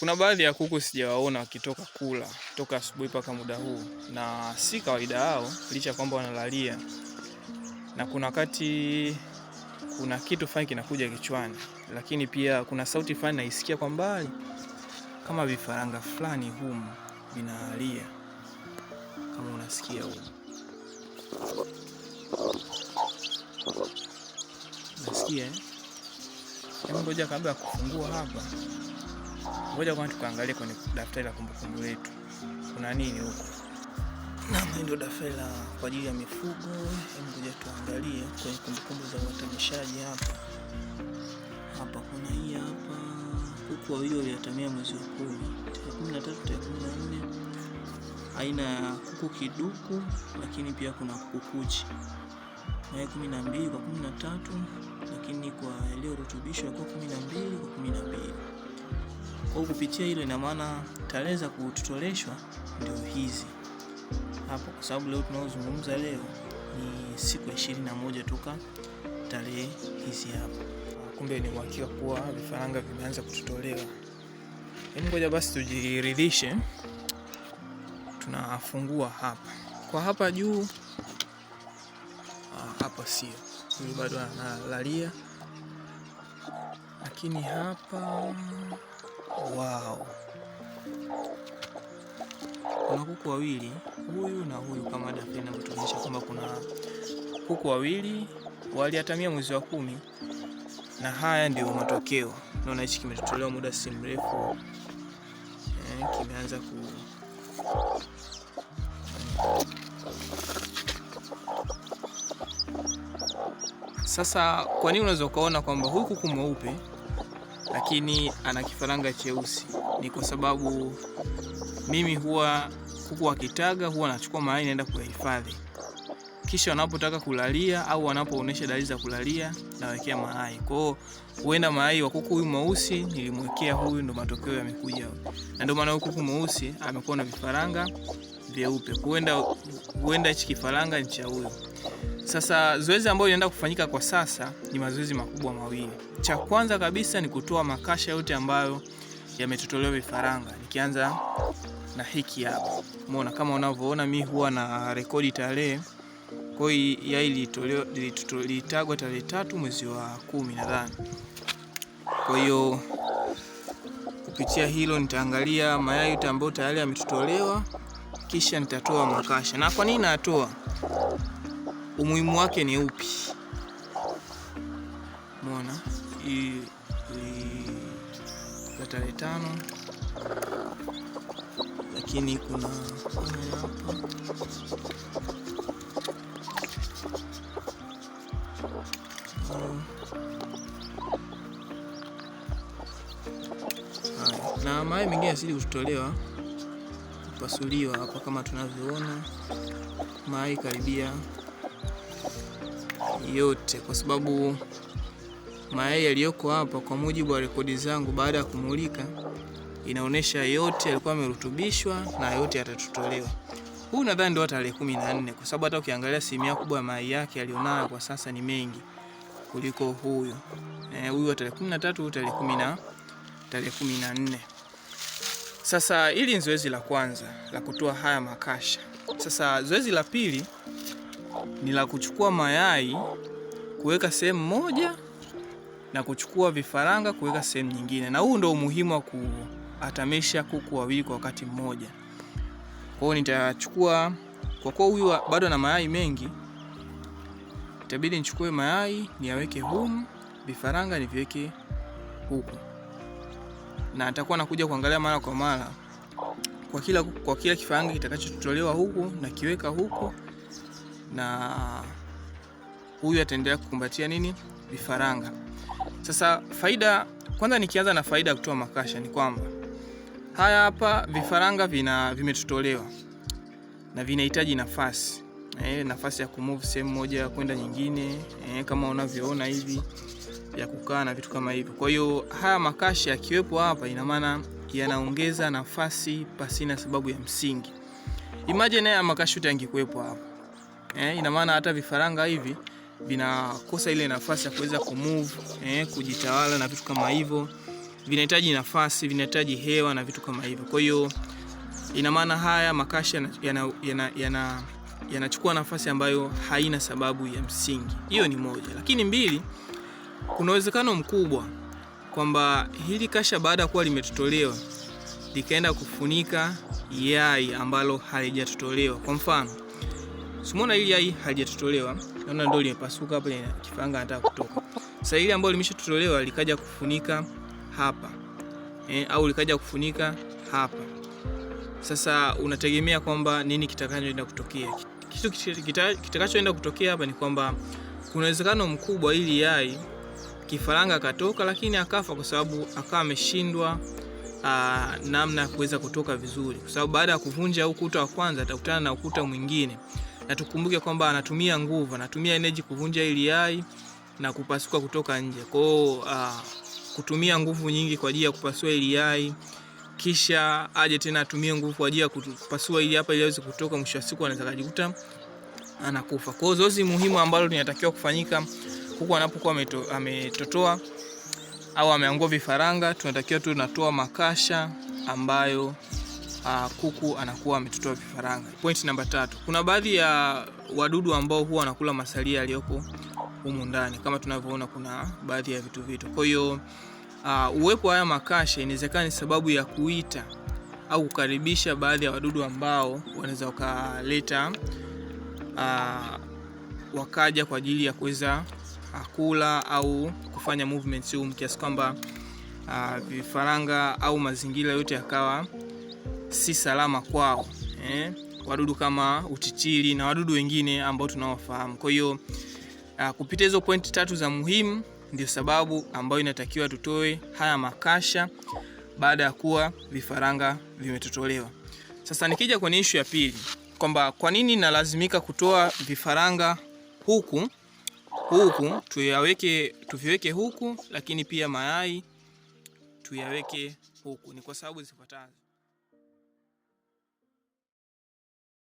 Kuna baadhi ya kuku sijawaona wakitoka kula toka asubuhi mpaka muda huu, na si kawaida yao, licha kwamba wanalalia. Na kuna wakati kuna kitu fulani kinakuja kichwani, lakini pia kuna sauti fulani naisikia kwa mbali, kama vifaranga fulani humu vinalia, kama unasikia huu nasikia eh? Ngoja kabla ya kufungua hapa Ngoja kwanza tukaangalie kwenye daftari la kumbukumbu letu kuna nini huko. Na ndio daftari la kwa ajili ya mifugo. Hebu ngoja tuangalie kwenye kumbukumbu za uatamishaji hapa. Hapa kuna hii hapa, kuku wawili waliatamia mwezi wa kumi, tarehe kumi na tatu tarehe kumi na nne aina ya kuku kiduku, lakini pia kuna kukuchi kuchi kumi na mbili kwa kumi na tatu lakini kwa yaliyorutubishwa ilikuwa kumi na mbili kwa kumi na mbili kwa kupitia hilo, ina maana tarehe za kutotoleshwa ndio hizi hapo, kwa sababu leo tunaozungumza leo ni siku ya ishirini na moja toka tarehe hizi hapo. Kumbe ni uhakika kuwa vifaranga vimeanza kutotolewa. Hebu ngoja basi tujiridhishe. Tunafungua hapa kwa hapa juu ah, hapa sio, huyu bado analalia, lakini hapa Wow, kuna kuku wawili, huyu na huyu, kama data inavyotuonyesha kwamba kuna kuku wawili waliatamia mwezi wa kumi, na haya ndio matokeo. Naona hichi kimetolewa muda si mrefu eh, kimeanza ku sasa. Kwa nini unaweza ukaona kwamba huyu kuku mweupe lakini ana kifaranga cheusi. Ni kwa sababu mimi huwa kuku wakitaga huwa anachukua mayai naenda kuyahifadhi, kisha wanapotaka kulalia au wanapoonyesha dalili za kulalia nawekea mayai. Kwa hiyo huenda mayai wa kuku huyu mweusi nilimwekea huyu, ndo matokeo yamekuja, na ndio maana huyu kuku mweusi amekuwa na vifaranga vyeupe. Huenda hichi kifaranga ni cha huyu. Sasa zoezi ambayo inaenda kufanyika kwa sasa ni mazoezi makubwa mawili. Cha kwanza kabisa ni kutoa makasha yote ambayo yametotolewa vifaranga, nikianza na hiki hapa. Umeona kama unavyoona, mi huwa na rekodi tarehe. Kwa hiyo yai lilitagwa tarehe tatu mwezi wa kumi nadhani. Kwa hiyo kupitia hilo nitaangalia mayai yote ambayo tayari yametotolewa, kisha nitatoa makasha. Na kwa nini natoa umuhimu wake ni upi? Mona hii za tarehe tano, lakini kuna na mayai mengine asili kutolewa kupasuliwa hapa, kama tunavyoona mayai karibia yote, kwa sababu mayai yaliyoko hapa kwa mujibu wa rekodi zangu, baada ya kumulika inaonyesha yote yalikuwa yamerutubishwa na yote yatatotolewa. Huu nadhani ndio tarehe kumi na nne kwa sababu hata ukiangalia asilimia kubwa ya mayai yake alionayo kwa sasa ni mengi kuliko huyu eh, huyu wa tarehe kumi na tatu huyu tarehe kumi na tarehe kumi na nne. Sasa hili ni zoezi la kwanza la kutoa haya makasha. Sasa zoezi la pili ni la kuchukua mayai kuweka sehemu moja na kuchukua vifaranga kuweka sehemu nyingine, na huu ndio umuhimu wa kuatamisha kuku wawili kwa wakati mmoja. Kwa hiyo nitachukua, kwa kuwa huyu bado na mayai mengi, itabidi nichukue mayai niyaweke humu, vifaranga niviweke huku, na atakuwa nakuja kuangalia mara kwa mara kwa kila, kwa kila kifaranga kitakachotolewa huku na kiweka huku na huyu ataendelea kukumbatia nini? Vifaranga. Sasa faida kwanza, nikianza na faida ya kutoa makasha ni kwamba haya hapa vifaranga vina vimetotolewa na vinahitaji nafasi e, nafasi ya kumove sehemu moja kwenda nyingine e, kama unavyoona hivi ya kukaa na vitu kama hivyo. Kwa hiyo haya makasha yakiwepo hapa, ina maana yanaongeza nafasi pasina sababu ya msingi. Imagine haya makasha yote yangekuwepo hapa eh, ina maana hata vifaranga hivi vinakosa ile nafasi ya kuweza kumove eh, kujitawala na vitu kama hivyo. Vinahitaji nafasi, vinahitaji hewa na vitu kama hivyo. Kwa hiyo ina maana haya makasha yanachukua yana, yana, yana nafasi ambayo haina sababu ya msingi. Hiyo ni moja, lakini mbili, kuna uwezekano mkubwa kwamba hili kasha baada ya kuwa limetotolewa likaenda kufunika yai ambalo halijatotolewa. Kwa mfano Simona hili hai halijatotolewa. Naona ndio limepasuka hapa lina kifanga anataka kutoka. Sasa hili ambalo limeshatotolewa likaja kufunika hapa. E, au likaja kufunika hapa. Sasa unategemea kwamba nini kitakachoenda kutokea? Kitu kitakachoenda kutokea hapa ni kwamba kuna uwezekano mkubwa ili yai kifaranga katoka, lakini akafa kwa sababu akawa ameshindwa ah, namna ya kuweza kutoka vizuri, kwa sababu baada ya kuvunja ukuta wa kwanza atakutana na ukuta mwingine na tukumbuke kwamba anatumia nguvu, anatumia energy kuvunja ili yai na kupasuka kutoka nje. Kwa hiyo uh, kutumia nguvu nyingi kwa ajili ya kupasua ili yai kisha aje tena atumie nguvu kwa ajili ya kupasua ili hapa ili aweze kutoka, mwisho wa siku anaweza kujikuta anakufa. Kwa hiyo zoezi muhimu ambalo linatakiwa kufanyika huku anapokuwa ametotoa au ameangua vifaranga, tunatakiwa tu tunatoa makasha ambayo uh, kuku anakuwa ametotoa vifaranga. Point namba tatu, kuna baadhi ya wadudu ambao huwa wanakula masalia yaliyoko humu ndani, kama tunavyoona kuna baadhi ya vitu vitu. Kwa hiyo uh, uwepo wa haya makasha inawezekana ni sababu ya kuita au kukaribisha baadhi ya wadudu ambao wanaweza wakaleta uh, wakaja kwa ajili ya kuweza kula au kufanya movements huu kiasi kwamba uh, vifaranga au mazingira yote yakawa si salama kwao eh? wadudu kama utitili na wadudu wengine ambao tunaofahamu. Kwa hiyo uh, ah, kupita hizo pointi tatu za muhimu ndio sababu ambayo inatakiwa tutoe haya makasha baada ya kuwa vifaranga vimetotolewa. Sasa nikija kwenye ishu ya pili kwamba kwa nini nalazimika kutoa vifaranga huku huku tuyaweke tuviweke huku, lakini pia mayai tuyaweke huku, ni kwa sababu zifuatazo.